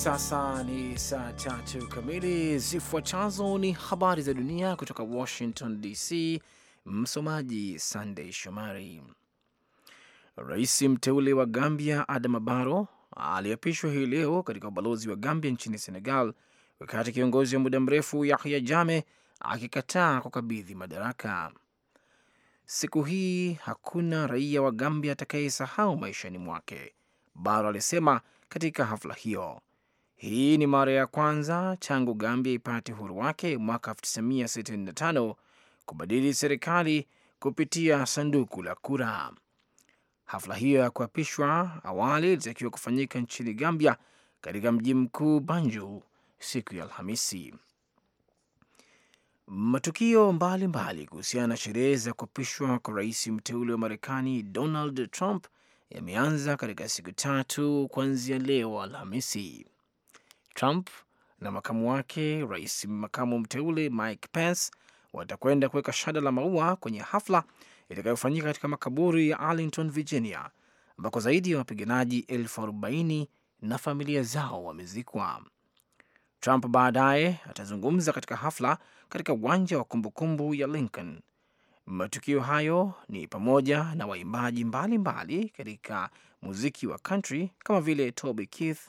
sasa ni saa tatu kamili. Zifuatazo ni habari za dunia kutoka Washington DC. Msomaji Sandey Shomari. Rais mteule wa Gambia Adama baro aliapishwa hii leo katika ubalozi wa Gambia nchini Senegal, wakati kiongozi wa muda mrefu Yahya jame akikataa kukabidhi madaraka. Siku hii hakuna raia wa Gambia atakayesahau maishani mwake, baro alisema katika hafla hiyo. Hii ni mara ya kwanza tangu Gambia ipate uhuru wake mwaka 1965 kubadili serikali kupitia sanduku la kura. Hafla hiyo ya kuapishwa awali ilitakiwa kufanyika nchini Gambia katika mji mkuu Banjul siku ya Alhamisi. Matukio mbalimbali kuhusiana na sherehe za kuapishwa kwa rais mteule wa Marekani Donald Trump yameanza katika siku tatu kuanzia leo Alhamisi. Trump na makamu wake rais makamu mteule Mike Pence watakwenda kuweka shada la maua kwenye hafla itakayofanyika katika makaburi ya Arlington, Virginia, ambako zaidi ya wapiganaji elfu arobaini na familia zao wamezikwa. Trump baadaye atazungumza katika hafla katika uwanja wa kumbukumbu ya Lincoln. Matukio hayo ni pamoja na waimbaji mbalimbali katika muziki wa country kama vile Toby Keith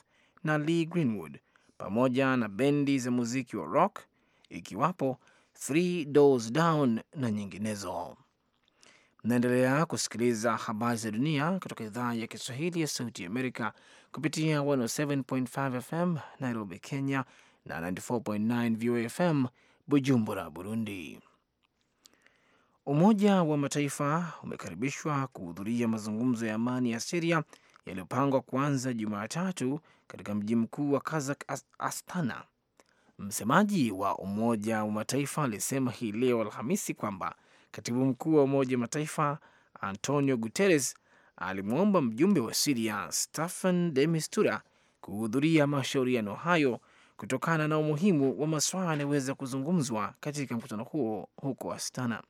na Lee Greenwood pamoja na bendi za muziki wa rock ikiwapo Three Doors Down na nyinginezo. Mnaendelea kusikiliza habari za dunia kutoka idhaa ya Kiswahili ya Sauti Amerika kupitia 107.5 FM Nairobi, Kenya na 94.9 VOA FM Bujumbura, Burundi. Umoja wa Mataifa umekaribishwa kuhudhuria mazungumzo ya amani ya Siria yaliyopangwa kuanza Jumatatu katika mji mkuu wa kazak Astana. Msemaji wa Umoja wa Mataifa alisema hii leo Alhamisi kwamba katibu mkuu wa Umoja wa Mataifa Antonio Guterres alimwomba mjumbe wa Siria Staffan de Mistura kuhudhuria mashauriano hayo kutokana na umuhimu wa masuala yanayoweza kuzungumzwa katika mkutano huo huko Astana.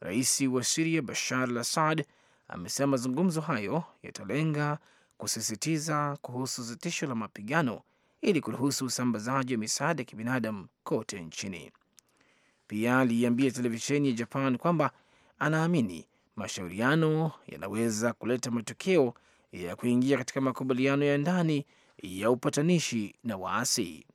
Rais wa Siria Bashar al Assad amesema mazungumzo hayo yatalenga kusisitiza kuhusu sitisho la mapigano ili kuruhusu usambazaji wa misaada ya kibinadamu kote nchini. Pia aliiambia televisheni ya Japan kwamba anaamini mashauriano yanaweza kuleta matokeo ya kuingia katika makubaliano ya ndani ya upatanishi na waasi.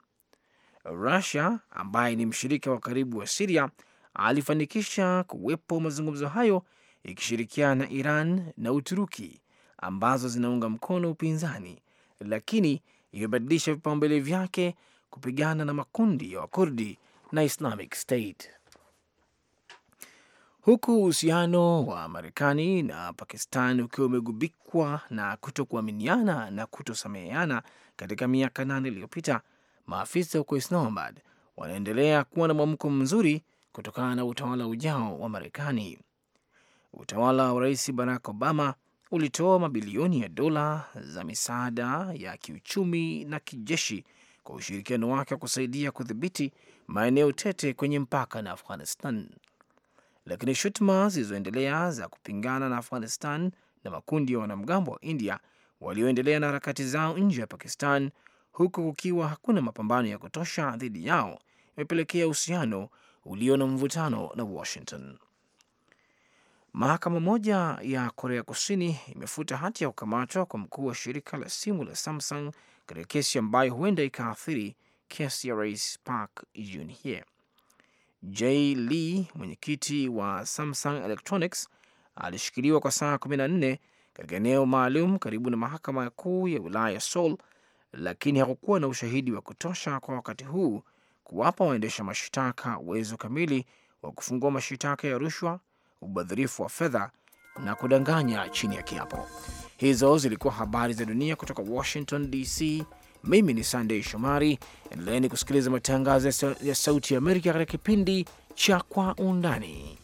Rusia ambaye ni mshirika wa karibu wa Siria alifanikisha kuwepo mazungumzo hayo ikishirikiana na Iran na Uturuki ambazo zinaunga mkono upinzani, lakini imebadilisha vipaumbele vyake kupigana na makundi ya Wakurdi na Islamic State. Huku uhusiano wa Marekani na Pakistan ukiwa umegubikwa na kutokuaminiana na kutosameheana katika miaka nane iliyopita, maafisa huko Islamabad wanaendelea kuwa na mwamko mzuri kutokana na utawala ujao wa Marekani. Utawala wa Rais Barack Obama ulitoa mabilioni ya dola za misaada ya kiuchumi na kijeshi kwa ushirikiano wake wa kusaidia kudhibiti maeneo tete kwenye mpaka na Afghanistan. Lakini shutuma zilizoendelea za kupingana na Afghanistan na makundi ya wanamgambo wa India walioendelea na harakati zao nje ya Pakistan, huku kukiwa hakuna mapambano ya kutosha dhidi yao, imepelekea uhusiano ulio na mvutano na Washington. Mahakama moja ya Korea Kusini imefuta hati ya kukamatwa kwa mkuu wa shirika la simu la Samsung katika kesi ambayo huenda ikaathiri kesi ya rais Park Geun-hye. Jay Lee, mwenyekiti wa Samsung Electronics, alishikiliwa kwa saa 14 katika eneo maalum karibu na mahakama kuu ya wilaya ya Seoul, lakini hakukuwa na ushahidi wa kutosha kwa wakati huu kuwapa waendesha mashtaka uwezo kamili wa kufungua mashitaka ya rushwa ubadhirifu wa fedha na kudanganya chini ya kiapo. Hizo zilikuwa habari za dunia kutoka Washington DC. Mimi ni Sandey Shomari. Endeleeni kusikiliza matangazo ya Sauti ya Amerika katika kipindi cha Kwa Undani.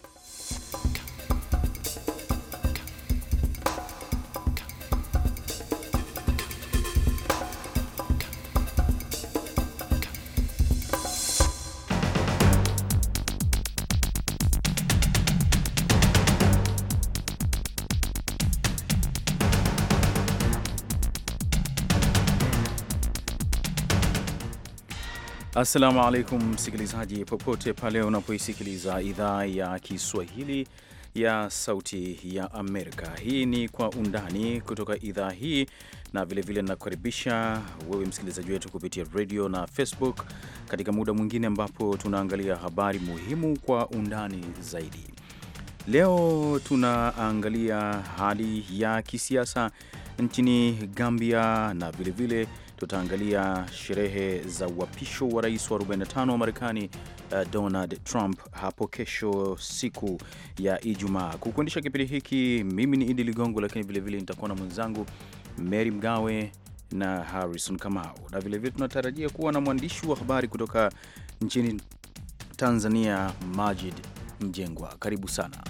Assalamu alaikum msikilizaji, popote pale unapoisikiliza idhaa ya Kiswahili ya Sauti ya Amerika. Hii ni Kwa Undani kutoka idhaa hii, na vilevile ninakukaribisha wewe msikilizaji wetu kupitia radio na Facebook katika muda mwingine ambapo tunaangalia habari muhimu kwa undani zaidi. Leo tunaangalia hali ya kisiasa nchini Gambia na vilevile vile tutaangalia sherehe za uapisho wa rais wa 45 wa Marekani uh, Donald Trump hapo kesho siku ya Ijumaa. Kukuendesha kipindi hiki mimi ni Idi Ligongo, lakini vilevile nitakuwa na mwenzangu Mary Mgawe na Harrison Kamau, na vilevile tunatarajia kuwa na mwandishi wa habari kutoka nchini Tanzania Majid Mjengwa. Karibu sana.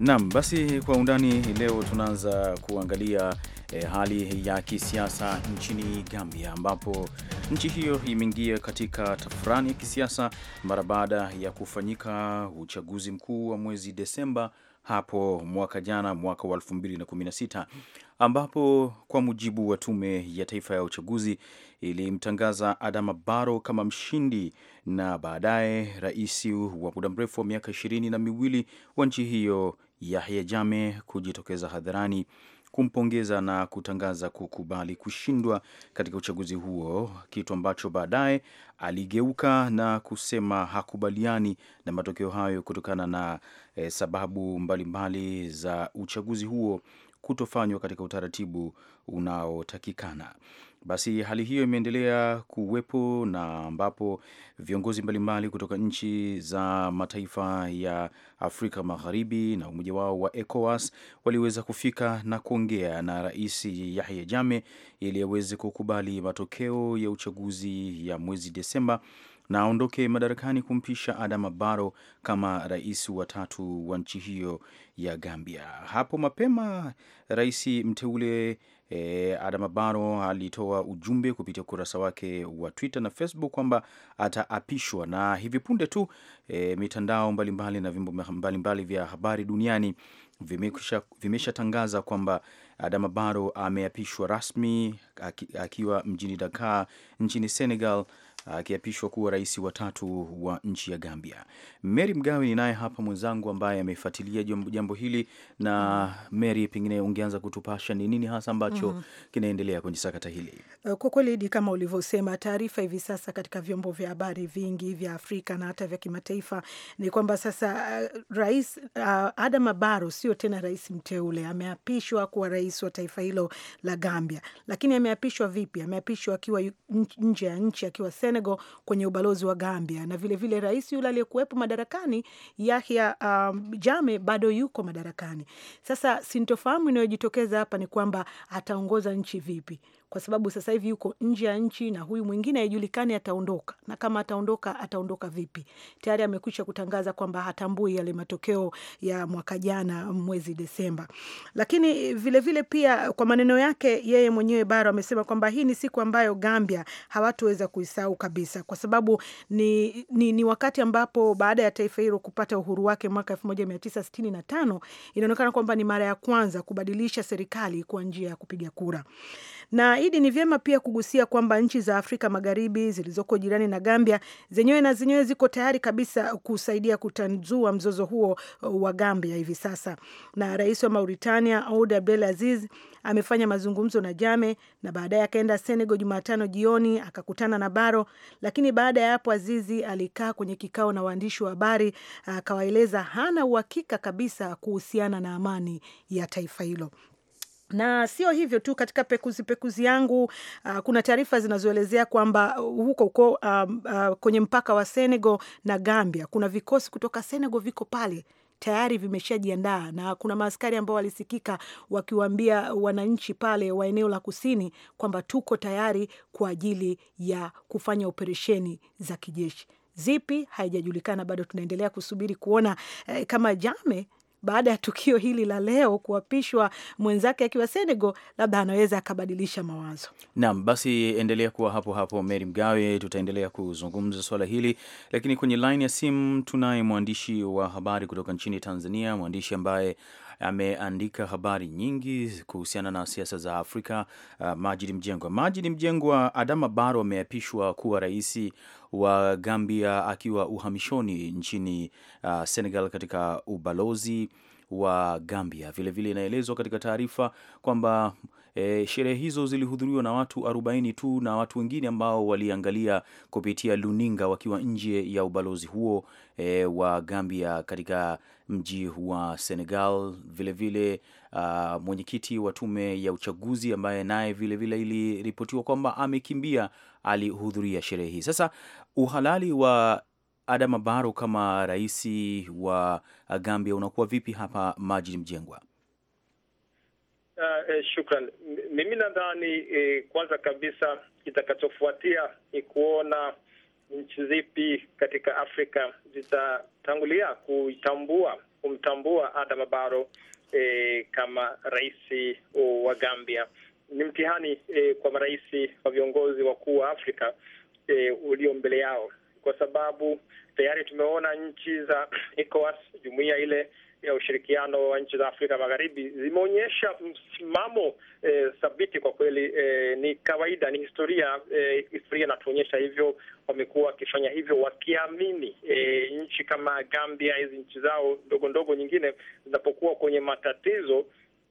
Naam, basi kwa undani leo tunaanza kuangalia e, hali ya kisiasa nchini Gambia ambapo nchi hiyo imeingia katika tafurani ya kisiasa mara baada ya kufanyika uchaguzi mkuu wa mwezi Desemba hapo mwaka jana, mwaka wa 2016 ambapo kwa mujibu wa Tume ya Taifa ya Uchaguzi ilimtangaza Adama Barrow kama mshindi na baadaye rais wa muda mrefu wa miaka ishirini na miwili wa nchi hiyo Yahya Jame kujitokeza hadharani kumpongeza na kutangaza kukubali kushindwa katika uchaguzi huo, kitu ambacho baadaye aligeuka na kusema hakubaliani na matokeo hayo kutokana na e, sababu mbalimbali mbali za uchaguzi huo kutofanywa katika utaratibu unaotakikana. Basi hali hiyo imeendelea kuwepo na ambapo viongozi mbalimbali kutoka nchi za mataifa ya Afrika Magharibi na umoja wao wa ECOWAS waliweza kufika na kuongea na Rais Yahya Jammeh ili aweze kukubali matokeo ya uchaguzi ya mwezi Desemba na aondoke madarakani kumpisha Adama Barrow kama rais wa tatu wa nchi hiyo ya Gambia. Hapo mapema rais mteule E, Adama Barrow alitoa ujumbe kupitia ukurasa wake wa Twitter na Facebook kwamba ataapishwa, na hivi punde tu e, mitandao mbalimbali mbali na vyombo mbalimbali vya habari duniani vimeshatangaza kwamba Adama Barrow ameapishwa rasmi akiwa mjini Dakar nchini Senegal akiapishwa kuwa rais wa tatu wa nchi ya Gambia. Mary Mgawe ni naye hapa mwenzangu ambaye amefuatilia jambo hili. Na Mary, pengine ungeanza kutupasha ni nini hasa ambacho mm -hmm. kinaendelea kwenye sakata hili? Uh, kwa kweli Idi, kama ulivyosema, taarifa hivi sasa katika vyombo vya habari vingi vya Afrika na hata vya kimataifa ni kwamba sasa uh, rais uh, Adama Barrow sio tena rais mteule, ameapishwa kuwa rais wa taifa hilo la Gambia. Lakini ameapishwa vipi? Ameapishwa akiwa nje ya nchi, akiwa Senegal kwenye ubalozi wa Gambia, na vilevile rais yule aliyekuwepo madarakani Yahya um, Jame bado yuko madarakani. Sasa sintofahamu inayojitokeza hapa ni kwamba ataongoza nchi vipi? kwa sababu sasa hivi yuko nje ya nchi na huyu mwingine haijulikani ataondoka, na kama ataondoka, ataondoka vipi? Tayari amekwisha kutangaza kwamba hatambui yale matokeo ya mwaka jana mwezi Desemba. Lakini vilevile vile pia kwa maneno yake yeye mwenyewe Bara amesema kwamba hii ni siku ambayo Gambia hawatuweza kuisahau kabisa, kwa sababu ni, ni, ni wakati ambapo baada ya taifa hilo kupata uhuru wake mwaka 1965 inaonekana kwamba ni mara ya kwanza kubadilisha serikali kwa njia ya kupiga kura. Na Idi, ni vyema pia kugusia kwamba nchi za Afrika Magharibi zilizoko jirani na Gambia zenyewe na zenyewe ziko tayari kabisa kusaidia kutanzua mzozo huo uh, wa Gambia hivi sasa. Na rais wa Mauritania Ould Abdel Aziz amefanya mazungumzo na Jame na baadaye akaenda Senegal Jumatano jioni akakutana na Baro, lakini baada ya hapo Azizi alikaa kwenye kikao na waandishi wa habari akawaeleza hana uhakika kabisa kuhusiana na amani ya taifa hilo na sio hivyo tu, katika pekuzi pekuzi yangu uh, kuna taarifa zinazoelezea kwamba uh, huko huko uh, uh, kwenye mpaka wa Senegal na Gambia kuna vikosi kutoka Senegal viko pale tayari vimeshajiandaa na kuna maaskari ambao walisikika wakiwaambia wananchi pale wa eneo la kusini kwamba tuko tayari kwa ajili ya kufanya operesheni za kijeshi. Zipi haijajulikana bado, tunaendelea kusubiri kuona eh, kama Jame baada ya tukio hili la leo kuapishwa mwenzake akiwa Senegal, labda anaweza akabadilisha mawazo. Naam, basi endelea kuwa hapo hapo, Meri Mgawe, tutaendelea kuzungumza swala hili, lakini kwenye laini ya simu tunaye mwandishi wa habari kutoka nchini Tanzania, mwandishi ambaye ameandika habari nyingi kuhusiana na siasa za Afrika. Uh, Majid Mjengwa, Majid Mjengwa, Adama Barrow ameapishwa kuwa rais wa Gambia akiwa uhamishoni nchini uh, Senegal katika ubalozi wa Gambia. Vilevile inaelezwa katika taarifa kwamba E, sherehe hizo zilihudhuriwa na watu 40 tu na watu wengine ambao waliangalia kupitia luninga wakiwa nje ya ubalozi huo e, wa Gambia katika mji wa Senegal. Vilevile uh, mwenyekiti wa tume ya uchaguzi ambaye naye vilevile iliripotiwa kwamba amekimbia alihudhuria sherehe hii. Sasa uhalali wa Adama Barrow kama rais wa Gambia unakuwa vipi hapa, Majid Mjengwa? Uh, eh, shukran. Mimi nadhani eh, kwanza kabisa kitakachofuatia ni kuona nchi zipi katika Afrika zitatangulia kuitambua kumtambua Adama Barrow eh, kama rais eh, wa Gambia. Ni mtihani eh, kwa marais wa viongozi wakuu wa Afrika eh, ulio mbele yao, kwa sababu tayari tumeona nchi za ECOWAS, jumuiya ile ya ushirikiano wa nchi za Afrika Magharibi zimeonyesha msimamo eh, thabiti kwa kweli. Eh, ni kawaida, ni historia eh, historia inatuonyesha hivyo. Wamekuwa wakifanya hivyo wakiamini eh, nchi kama Gambia, hizi nchi zao ndogo ndogo nyingine zinapokuwa kwenye matatizo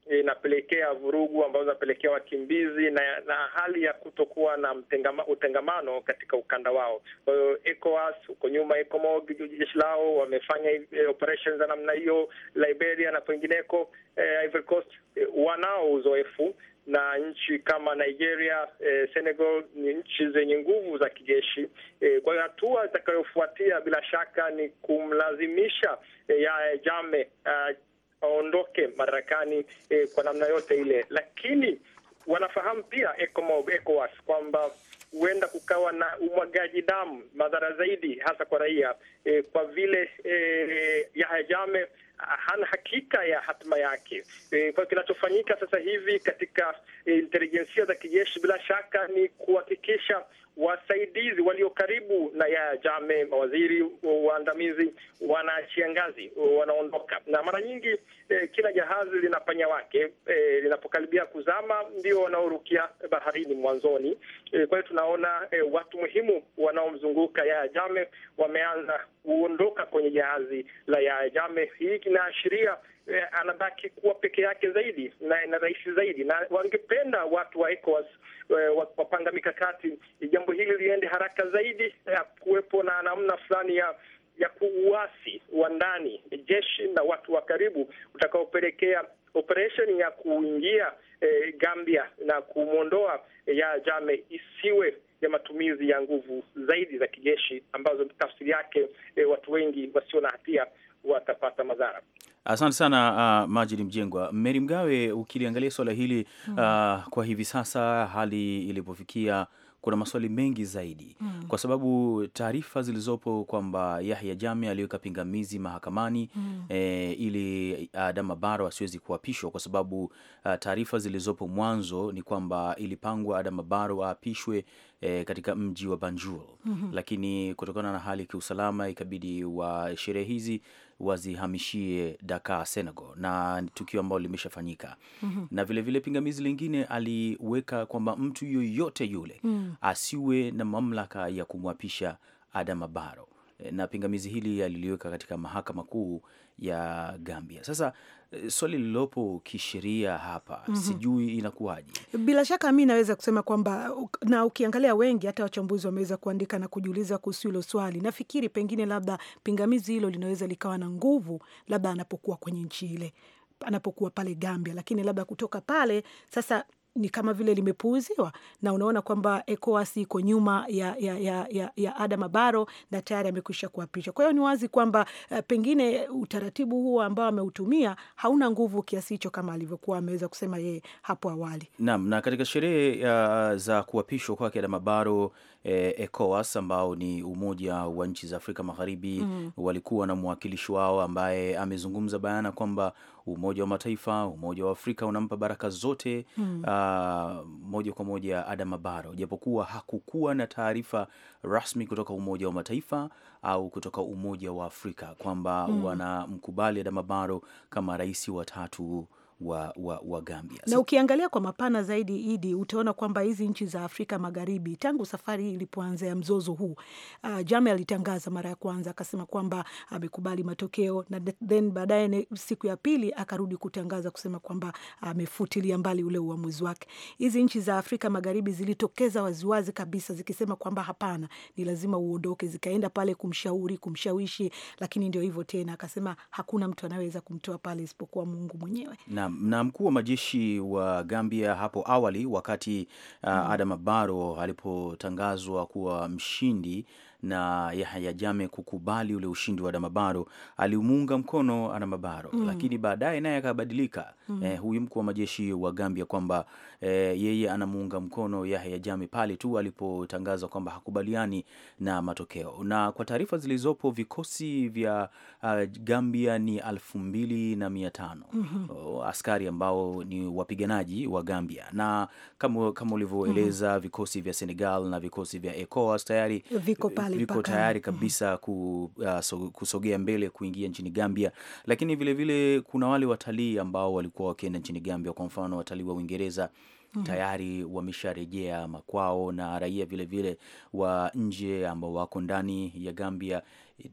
inapelekea vurugu ambazo zinapelekea wakimbizi na, na hali ya kutokuwa na mtengama, utengamano katika ukanda wao. Kwa hiyo ECOWAS huko nyuma, ECOMOG jeshi lao wamefanya eh, operations za namna hiyo Liberia na kwengineko, eh, Ivory Coast eh, wanao uzoefu na nchi kama Nigeria eh, Senegal ni nchi zenye nguvu za kijeshi eh. Kwa hiyo hatua itakayofuatia bila shaka ni kumlazimisha eh, ya Jame eh, ah, aondoke madarakani eh, kwa namna yote ile, lakini wanafahamu pia ECOWAS kwamba huenda kukawa na umwagaji damu, madhara zaidi hasa kwa raia eh, kwa vile eh, Yahya Jammeh hana hakika ya hatima yake. eh, kwa kinachofanyika sasa hivi katika eh, intelijensia za kijeshi bila shaka ni kuhakikisha wasaidizi walio karibu na ya Jame, mawaziri waandamizi, wanaachia ngazi, wanaondoka. Na mara nyingi eh, kila jahazi lina panya wake eh, linapokaribia kuzama ndio wanaorukia baharini mwanzoni. Eh, kwa hiyo tunaona eh, watu muhimu wanaomzunguka ya Jame wameanza kuondoka kwenye jahazi la ya Jame. Hii inaashiria Eh, anabaki kuwa peke yake zaidi na, na rahisi zaidi, na wangependa watu wa ECOWAS eh, wapanga mikakati jambo hili liende haraka zaidi, eh, kuwepo na namna fulani ya ya kuuasi wa ndani jeshi na watu wa karibu utakaopelekea operesheni ya kuingia eh, Gambia na kumwondoa ya Jame isiwe ya matumizi ya nguvu zaidi za kijeshi ambazo tafsiri yake eh, watu wengi wasio na hatia watapata madhara. Asante sana uh, Majid Mjengwa. Meri Mgawe, ukiliangalia swala hili hmm. uh, kwa hivi sasa hali ilipofikia kuna maswali mengi zaidi mm. kwa sababu taarifa zilizopo kwamba Yahya Jame aliweka pingamizi mahakamani mm. e, ili Adama baro asiwezi kuapishwa kwa sababu uh, taarifa zilizopo mwanzo ni kwamba ilipangwa Adama baro aapishwe e, katika mji wa Banjul mm -hmm. lakini kutokana na hali kiusalama ikabidi wa sherehe hizi wazihamishie Dakar, Senegal, na tukio ambalo limeshafanyika mm -hmm. na vilevile vile pingamizi lingine aliweka kwamba mtu yoyote yule mm. asiwe na mamlaka ya kumwapisha Adama Barrow Eh, na pingamizi hili aliliweka katika mahakama kuu ya Gambia. Sasa eh, swali lililopo kisheria hapa mm -hmm. Sijui inakuwaje. Bila shaka mi naweza kusema kwamba, na ukiangalia wengi hata wachambuzi wameweza kuandika na kujiuliza kuhusu hilo swali. Nafikiri pengine labda pingamizi hilo linaweza likawa na nguvu labda anapokuwa kwenye nchi ile anapokuwa pale Gambia, lakini labda kutoka pale sasa ni kama vile limepuuziwa, na unaona kwamba ECOWAS iko nyuma ya, ya, ya, ya, ya Adama Barrow na tayari amekwisha kuapishwa. Kwa hiyo ni wazi kwamba uh, pengine utaratibu huo ambao ameutumia hauna nguvu kiasi hicho kama alivyokuwa ameweza kusema yeye hapo awali. Naam, na katika sherehe uh, za kuapishwa kwake Adama Barrow eh, ECOWAS ambao ni umoja wa nchi za Afrika Magharibi mm. walikuwa na mwakilishi wao ambaye amezungumza bayana kwamba Umoja wa Mataifa, Umoja wa Afrika unampa baraka zote mm. uh, moja kwa moja Adama Barrow, japokuwa hakukuwa na taarifa rasmi kutoka Umoja wa Mataifa au kutoka Umoja wa Afrika kwamba mm. wanamkubali Adama Barrow kama rais wa tatu wa, wa, wa Gambia. Na ukiangalia kwa mapana zaidi idi, utaona kwamba hizi nchi za Afrika Magharibi tangu safari hii ilipoanza ya mzozo huu uh, ah, Jame alitangaza mara ya kwanza akasema kwamba amekubali matokeo, na then baadaye siku ya pili akarudi kutangaza kusema kwamba amefutilia uh, mbali ule uamuzi wake. Hizi nchi za Afrika Magharibi zilitokeza waziwazi kabisa zikisema kwamba hapana, ni lazima uondoke, zikaenda pale kumshauri, kumshawishi, lakini ndio hivyo tena, akasema hakuna mtu anaweza kumtoa pale isipokuwa Mungu mwenyewe na Naam, na mkuu wa majeshi wa Gambia hapo awali wakati uh, mm-hmm. Adama Barrow alipotangazwa kuwa mshindi na Yahya Jame kukubali ule ushindi wa Adamabaro, alimuunga mkono Adamabaro mm. Lakini baadaye naye akabadilika mm. Eh, huyu mkuu wa majeshi wa Gambia kwamba eh, yeye anamuunga mkono Yahya Jame pale tu alipotangaza kwamba hakubaliani na matokeo. Na kwa taarifa zilizopo vikosi vya uh, Gambia ni elfu mbili na mia tano mm -hmm. askari ambao ni wapiganaji wa Gambia na kama, kama ulivyoeleza mm -hmm. vikosi vya Senegal na vikosi vya ECOWAS tayari viko eh, pale viko tayari kabisa uh, kusogea mbele kuingia nchini Gambia, lakini vilevile vile kuna wale watalii ambao walikuwa wakienda nchini Gambia, kwa mfano watalii wa Uingereza mm. tayari wamesharejea makwao na raia vilevile wa nje ambao wako ndani ya Gambia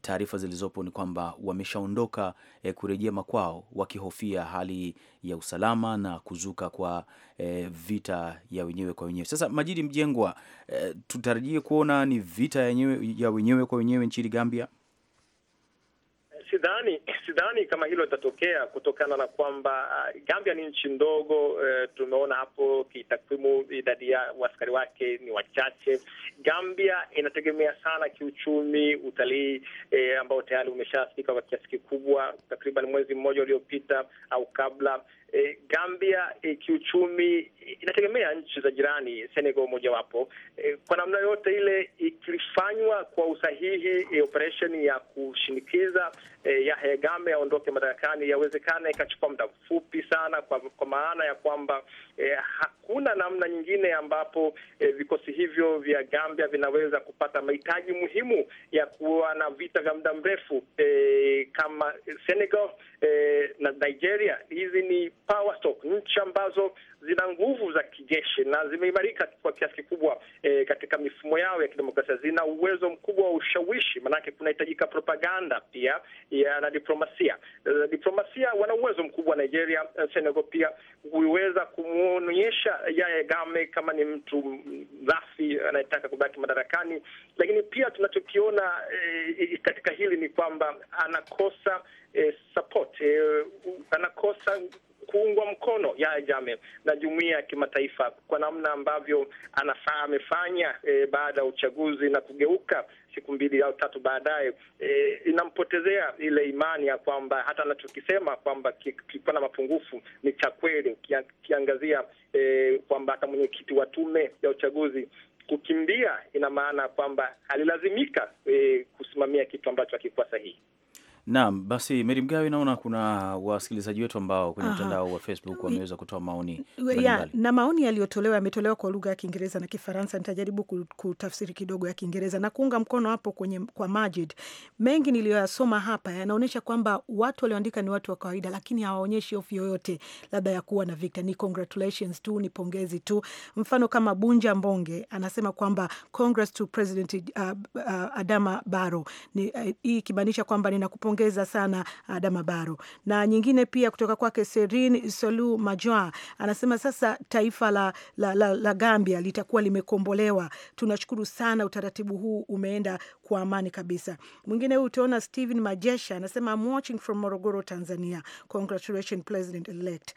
taarifa zilizopo ni kwamba wameshaondoka e, kurejea makwao wakihofia hali ya usalama na kuzuka kwa e, vita ya wenyewe kwa wenyewe. Sasa Majidi Mjengwa, e, tutarajie kuona ni vita ya wenyewe, ya wenyewe kwa wenyewe nchini Gambia? Sidhani, sidhani kama hilo litatokea kutokana na kwamba uh, Gambia ni nchi ndogo. E, tumeona hapo kitakwimu idadi ya waskari wake ni wachache. Gambia inategemea sana kiuchumi utalii, e, ambao tayari umeshafika kwa kiasi kikubwa, takriban mwezi mmoja uliopita au kabla. E, Gambia e, kiuchumi inategemea nchi za jirani, Senegal mojawapo. E, kwa namna yote ile ikifanywa kwa usahihi, e, operesheni ya kushinikiza e, Yahya Kagame aondoke madarakani yawezekana ikachukua muda mfupi sana, kwa, kwa maana ya kwamba eh, hakuna namna nyingine ambapo eh, vikosi hivyo vya Gambia vinaweza kupata mahitaji muhimu ya kuwa na vita vya muda mrefu eh, kama Senegal eh, na Nigeria. Hizi ni power stock, nchi ambazo zina nguvu za kijeshi na zimeimarika kwa kiasi kikubwa e, katika mifumo yao ya kidemokrasia. Zina uwezo mkubwa wa ushawishi, maanake kunahitajika propaganda pia ya na diplomasia. Uh, diplomasia wana uwezo mkubwa Nigeria, uh, Senegal pia kuiweza kumwonyesha Yahya Game kama ni mtu rafi anayetaka kubaki madarakani, lakini pia tunachokiona e, katika hili ni kwamba anakosa e, support e, anakosa kuungwa mkono Yahya Jammeh na jumuia ya kimataifa kwa namna ambavyo anafaa amefanya e, baada ya uchaguzi na kugeuka siku mbili au tatu baadaye e, inampotezea ile imani ya kwamba hata anachokisema kwamba kikuwa na mapungufu ni cha kweli, ukiangazia e, kwamba hata mwenyekiti wa tume ya uchaguzi kukimbia, ina maana kwamba alilazimika e, kusimamia kitu ambacho hakikuwa sahihi. Naam, basi Meri Mgawe, naona kuna wasikilizaji wetu ambao kwenye mtandao wa Facebook mm, wameweza kutoa maoni ya, na maoni yaliyotolewa yametolewa kwa lugha ya Kiingereza na Kifaransa. Nitajaribu kutafsiri kidogo ya Kiingereza na kuunga mkono hapo kwenye kwa Majid. Mengi niliyoyasoma hapa yanaonyesha kwamba watu walioandika ni watu wa kawaida, lakini hawaonyeshi hofu yoyote labda ya kuwa na vita. Ni congratulations tu, ni pongezi tu. Mfano kama Bunja Mbonge anasema kwamba congrats to President uh, uh, Adama Barrow ni uh, hii ikimaanisha kwamba ninakupa kumpongeza sana ah, Adama Barrow. Na nyingine pia kutoka kwake Serin Solu Majoa anasema sasa taifa la, la, la, la Gambia litakuwa limekombolewa. Tunashukuru sana, utaratibu huu umeenda kwa amani kabisa. Mwingine huyu utaona Steven Majesha anasema I'm watching from Morogoro, Tanzania. Congratulations president elect.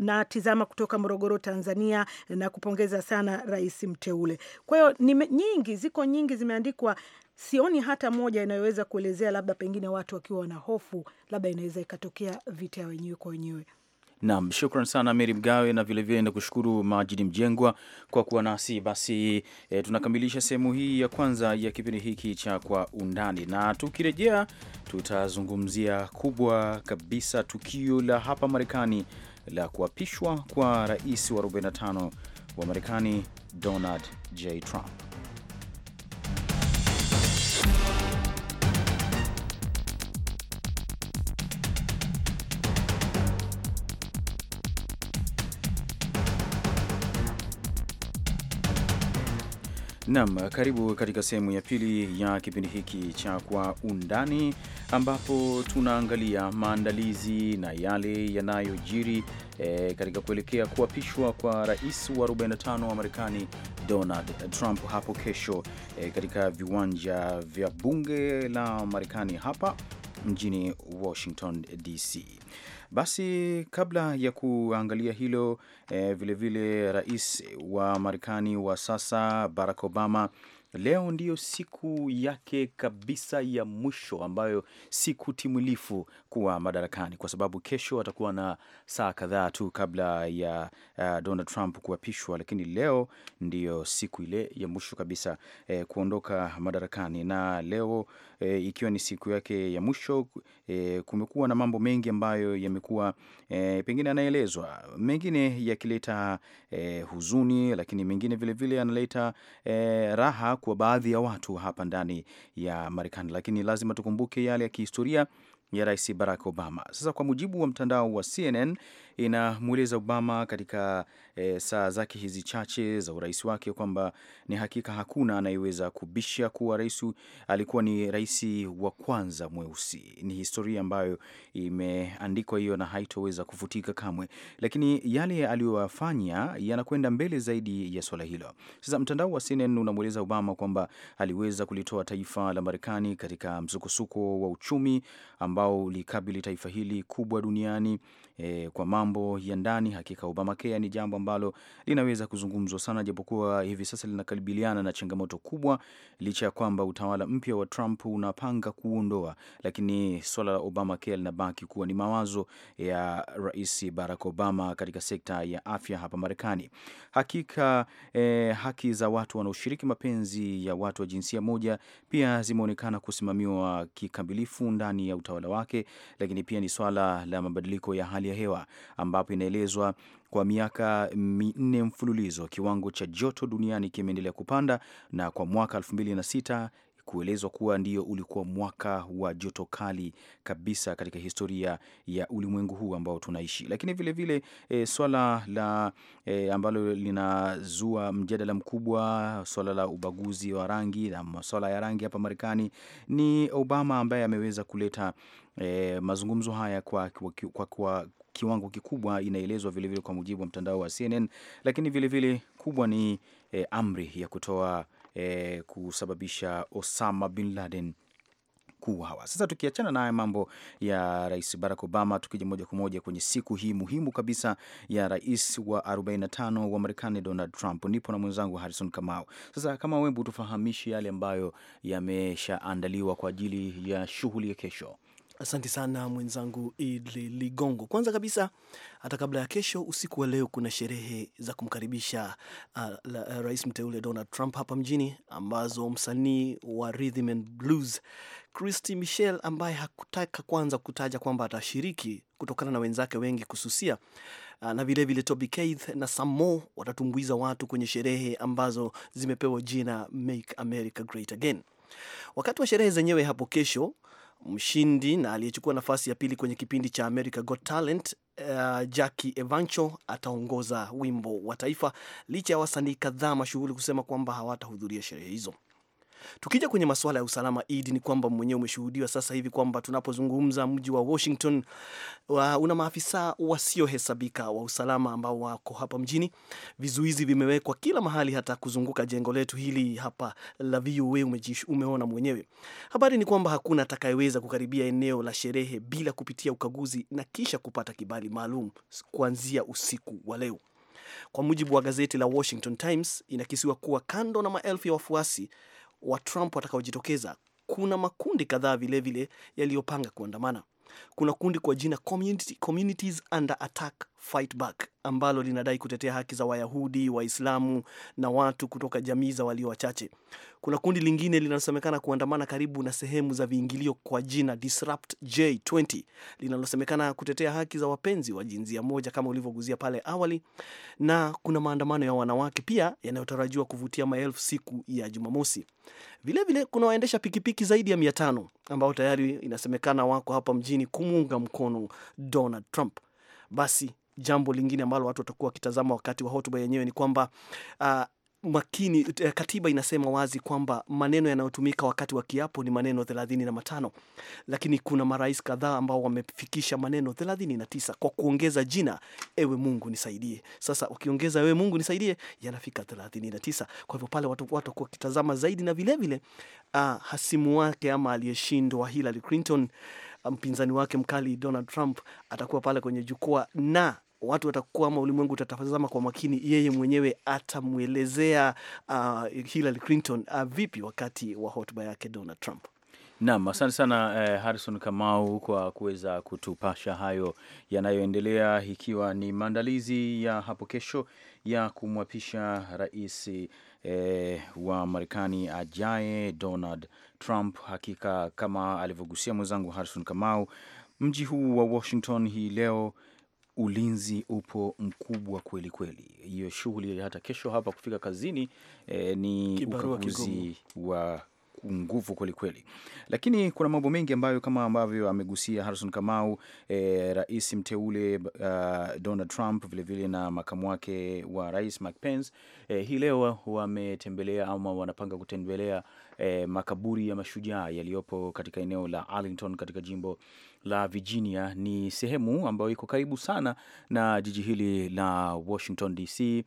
Na tizama kutoka Morogoro, Tanzania, na kupongeza sana rais mteule. Kwa hiyo nyingi ziko nyingi zimeandikwa sioni hata moja inayoweza kuelezea, labda pengine watu wakiwa wana hofu, labda inaweza ikatokea vita ya wenyewe kwa wenyewe. Naam, shukran sana Meri Mgawe na vilevile nakushukuru Majidi Mjengwa kwa kuwa nasi. Basi e, tunakamilisha sehemu hii ya kwanza ya kipindi hiki cha Kwa Undani, na tukirejea tutazungumzia kubwa kabisa tukio la hapa Marekani la kuapishwa kwa rais wa 45 wa Marekani Donald J Trump. nam karibu katika sehemu ya pili ya kipindi hiki cha Kwa Undani, ambapo tunaangalia maandalizi na yale yanayojiri e, katika kuelekea kuapishwa kwa rais wa 45 wa Marekani Donald Trump hapo kesho e, katika viwanja vya bunge la Marekani hapa mjini Washington DC. Basi kabla ya kuangalia hilo eh, vilevile rais wa Marekani wa sasa Barack Obama leo ndiyo siku yake kabisa ya mwisho ambayo si kutimilifu kuwa madarakani, kwa sababu kesho atakuwa na saa kadhaa tu kabla ya uh, Donald Trump kuapishwa, lakini leo ndiyo siku ile ya mwisho kabisa eh, kuondoka madarakani. Na leo e, ikiwa ni siku yake ya mwisho e, kumekuwa na mambo mengi ambayo yamekuwa e, pengine anaelezwa mengine yakileta e, huzuni, lakini mengine vilevile analeta e, raha kwa baadhi ya watu hapa ndani ya Marekani, lakini lazima tukumbuke yale ya kihistoria ya Rais Barack Obama. Sasa kwa mujibu wa mtandao wa CNN inamweleza Obama katika e, saa zake hizi chache za urais wake kwamba ni hakika hakuna anayeweza kubisha kuwa rais alikuwa ni rais wa kwanza mweusi. Ni historia ambayo imeandikwa hiyo na haitoweza kufutika kamwe, lakini yale aliyoyafanya yanakwenda mbele zaidi ya swala hilo. Sasa mtandao wa CNN unamweleza Obama kwamba aliweza kulitoa taifa la Marekani katika msukosuko wa uchumi ambao ulikabili taifa hili kubwa duniani e, kwa mambo mambo ya ndani, hakika Obamacare ni jambo ambalo linaweza kuzungumzwa sana, japokuwa hivi sasa linakabiliana na changamoto kubwa, licha ya kwamba utawala mpya wa Trump unapanga kuondoa, lakini swala la Obamacare linabaki kuwa ni mawazo ya Rais Barack Obama katika sekta ya afya hapa Marekani. Hakika eh, haki za watu wanaoshiriki mapenzi ya watu wa jinsia moja pia zimeonekana kusimamiwa kikamilifu ndani ya utawala wake, lakini pia ni swala la mabadiliko ya hali ya hewa ambapo inaelezwa kwa miaka minne mfululizo kiwango cha joto duniani kimeendelea kupanda na kwa mwaka 2006 kuelezwa kuwa ndio ulikuwa mwaka wa joto kali kabisa katika historia ya ulimwengu huu ambao tunaishi. Lakini vilevile vile, e, swala la e, ambalo linazua mjadala mkubwa, swala la ubaguzi wa rangi na maswala ya rangi hapa Marekani, ni Obama ambaye ameweza kuleta e, mazungumzo haya kwa, kwa, kwa, kwa kiwango kikubwa inaelezwa vilevile kwa mujibu wa mtandao wa CNN, lakini vilevile vile kubwa ni e, amri ya kutoa e, kusababisha Osama bin Laden kuuawa. Sasa tukiachana na haya mambo ya Rais Barack Obama, tukija moja kwa moja kwenye siku hii muhimu kabisa ya rais wa 45 wa Marekani Donald Trump, nipo na mwenzangu Harrison Kamau. Sasa kama wewe, tufahamishi yale ambayo yameshaandaliwa kwa ajili ya shughuli ya kesho. Asante sana mwenzangu Idli Ligongo. Kwanza kabisa, hata kabla ya kesho, usiku wa leo kuna sherehe za kumkaribisha uh, la, eh, rais mteule Donald Trump hapa mjini, ambazo msanii wa rhythm and blues Christy Michel ambaye hakutaka kwanza kutaja kwamba atashiriki kutokana na wenzake wengi kususia ah, na vilevile Toby Keith na Samo watatumbuiza watu kwenye sherehe ambazo zimepewa jina Make America Great Again. Wakati wa sherehe zenyewe hapo kesho, Mshindi na aliyechukua nafasi ya pili kwenye kipindi cha America Got Talent uh, Jackie Evancho ataongoza wimbo wa taifa licha ya wasanii kadhaa mashuhuri kusema kwamba hawatahudhuria sherehe hizo. Tukija kwenye masuala ya usalama, Idi, ni kwamba mwenyewe umeshuhudiwa sasa hivi kwamba tunapozungumza mji wa Washington wa una maafisa wasiohesabika wa usalama ambao wako hapa mjini. Vizuizi vimewekwa kila mahali, hata kuzunguka jengo letu hili hapa la VOA umeona mwenyewe. Habari ni kwamba hakuna atakayeweza kukaribia eneo la sherehe bila kupitia ukaguzi na kisha kupata kibali maalum kuanzia usiku wa leo. Kwa mujibu wa gazeti la Washington Times, inakisiwa kuwa kando na maelfu ya wafuasi wa Trump watakaojitokeza, kuna makundi kadhaa vilevile yaliyopanga kuandamana. Kuna kundi kwa jina Communities Under Attack Fight Back ambalo linadai kutetea haki za Wayahudi, Waislamu na watu kutoka jamii za walio wachache. Kuna kundi lingine linalosemekana kuandamana karibu na sehemu za viingilio kwa jina Disrupt J20 linalosemekana kutetea haki za wapenzi wa jinsia moja kama ulivyoguzia pale awali, na kuna maandamano ya wanawake pia yanayotarajiwa kuvutia maelfu siku ya Jumamosi. Vilevile kuna waendesha pikipiki zaidi ya mia tano ambao tayari inasemekana wako hapa mjini kumuunga mkono Donald Trump. Basi jambo lingine ambalo watu watakuwa wakitazama wakati wa hotuba yenyewe ni kwamba uh, makini eh, katiba inasema wazi kwamba maneno yanayotumika wakati wa kiapo ni maneno thelathini na matano lakini kuna marais kadhaa ambao wamefikisha maneno thelathini na tisa kwa kuongeza jina ewe Mungu nisaidie. Sasa ukiongeza ewe Mungu nisaidie yanafika thelathini na tisa Kwa hivyo pale watu watakuwa wakitazama zaidi, na vilevile uh, ah, hasimu wake ama aliyeshindwa Hillary Clinton ah, mpinzani wake mkali Donald Trump atakuwa pale kwenye jukwaa na watu watakuwa ama ulimwengu utatazama kwa makini, yeye mwenyewe atamwelezea uh, Hillary Clinton uh, vipi wakati wa hotuba yake Donald Trump. Naam, asante sana eh, Harrison Kamau kwa kuweza kutupasha hayo yanayoendelea, ikiwa ni maandalizi ya hapo kesho ya kumwapisha rais eh, wa Marekani ajaye Donald Trump. Hakika kama alivyogusia mwenzangu Harrison Kamau, mji huu wa Washington hii leo ulinzi upo mkubwa kweli kweli. Hiyo shughuli hata kesho hapa kufika kazini eh, ni ukaguzi wa nguvu kweli kweli, lakini kuna mambo mengi ambayo kama ambavyo amegusia Harrison Kamau, eh, rais mteule uh, Donald Trump vilevile vile na makamu wake wa rais Mike Pence eh, hii leo wametembelea ama wanapanga kutembelea eh, makaburi ya mashujaa yaliyopo katika eneo la Arlington katika jimbo la Virginia ni sehemu ambayo iko karibu sana na jiji hili la Washington DC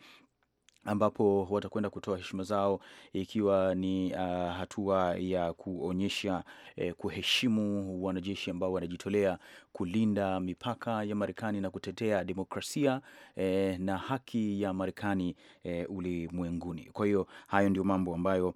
ambapo watakwenda kutoa heshima zao ikiwa ni uh, hatua ya kuonyesha eh, kuheshimu wanajeshi ambao wanajitolea kulinda mipaka ya Marekani na kutetea demokrasia eh, na haki ya Marekani eh, ulimwenguni. Kwa hiyo hayo ndio mambo ambayo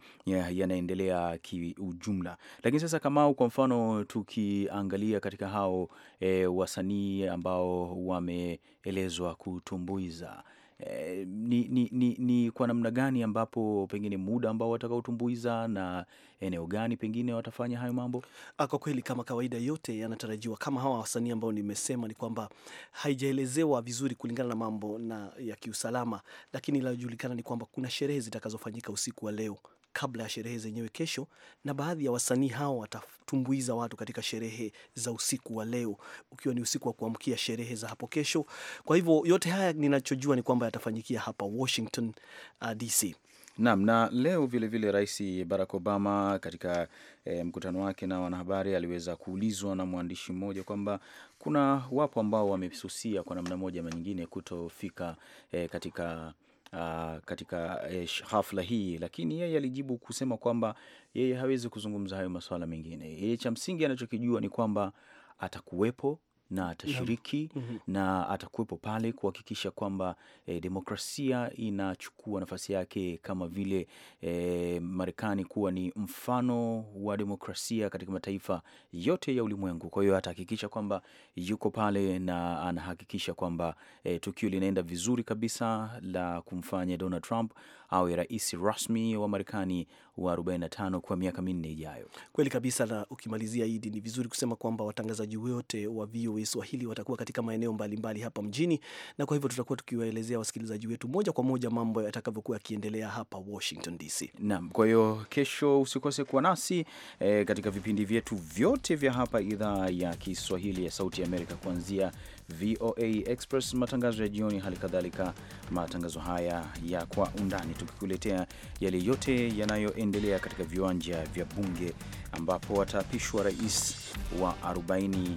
yanaendelea kiujumla. Lakini sasa, Kamau, kwa mfano tukiangalia katika hao eh, wasanii ambao wameelezwa kutumbuiza Eh, ni, ni, ni, ni kwa namna gani ambapo pengine muda ambao watakaotumbuiza na eneo gani pengine watafanya hayo mambo? Ah, kwa kweli kama kawaida, yote yanatarajiwa kama hawa wasanii ambao nimesema, ni kwamba haijaelezewa vizuri kulingana na mambo na ya kiusalama, lakini inayojulikana ni kwamba kuna sherehe zitakazofanyika usiku wa leo kabla ya sherehe zenyewe kesho, na baadhi ya wasanii hao watatumbuiza watu katika sherehe za usiku wa leo, ukiwa ni usiku wa kuamkia sherehe za hapo kesho. Kwa hivyo yote haya ninachojua ni kwamba yatafanyikia hapa Washington uh, DC. Naam, na leo vilevile Rais Barack Obama katika e, mkutano wake na wanahabari aliweza kuulizwa na mwandishi mmoja kwamba kuna wapo ambao wamesusia kwa namna moja ama nyingine kutofika e, katika uh, katika uh, hafla hii, lakini yeye alijibu kusema kwamba yeye hawezi kuzungumza hayo masuala mengine. Yeye cha msingi anachokijua ni kwamba atakuwepo na atashiriki mm -hmm. na atakuwepo pale kuhakikisha kwamba e, demokrasia inachukua nafasi yake kama vile e, Marekani kuwa ni mfano wa demokrasia katika mataifa yote ya ulimwengu. Kwa hiyo atahakikisha kwamba yuko pale na anahakikisha kwamba e, tukio linaenda vizuri kabisa la kumfanya Donald Trump awe rais rasmi wa Marekani wa 45 kwa miaka minne ijayo. Kweli kabisa, na ukimalizia, Idi, ni vizuri kusema kwamba watangazaji wote wa VOA VOA Swahili watakuwa katika maeneo mbalimbali hapa mjini, na kwa hivyo tutakuwa tukiwaelezea wasikilizaji wetu moja kwa moja mambo yatakavyokuwa yakiendelea hapa Washington DC. Naam, kwa hiyo kesho usikose kuwa nasi e, katika vipindi vyetu vyote vya hapa idhaa ya Kiswahili ya Sauti ya Amerika kuanzia VOA Express, matangazo ya jioni, hali kadhalika matangazo haya ya kwa undani, tukikuletea yale yote yanayoendelea katika viwanja vya bunge ambapo wataapishwa rais wa 40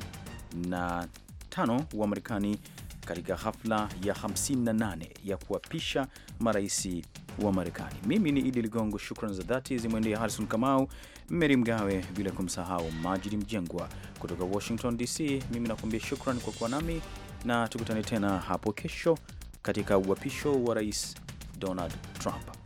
na tano wa Marekani katika hafla ya 58 ya kuapisha maraisi wa Marekani. Mimi ni Idi Ligongo, shukran za dhati zimwendea Harrison Kamau, Meri Mgawe, bila kumsahau Majidi Mjengwa kutoka Washington DC. Mimi nakuambia shukran kwa kuwa nami na tukutane tena hapo kesho katika uapisho wa Rais Donald Trump.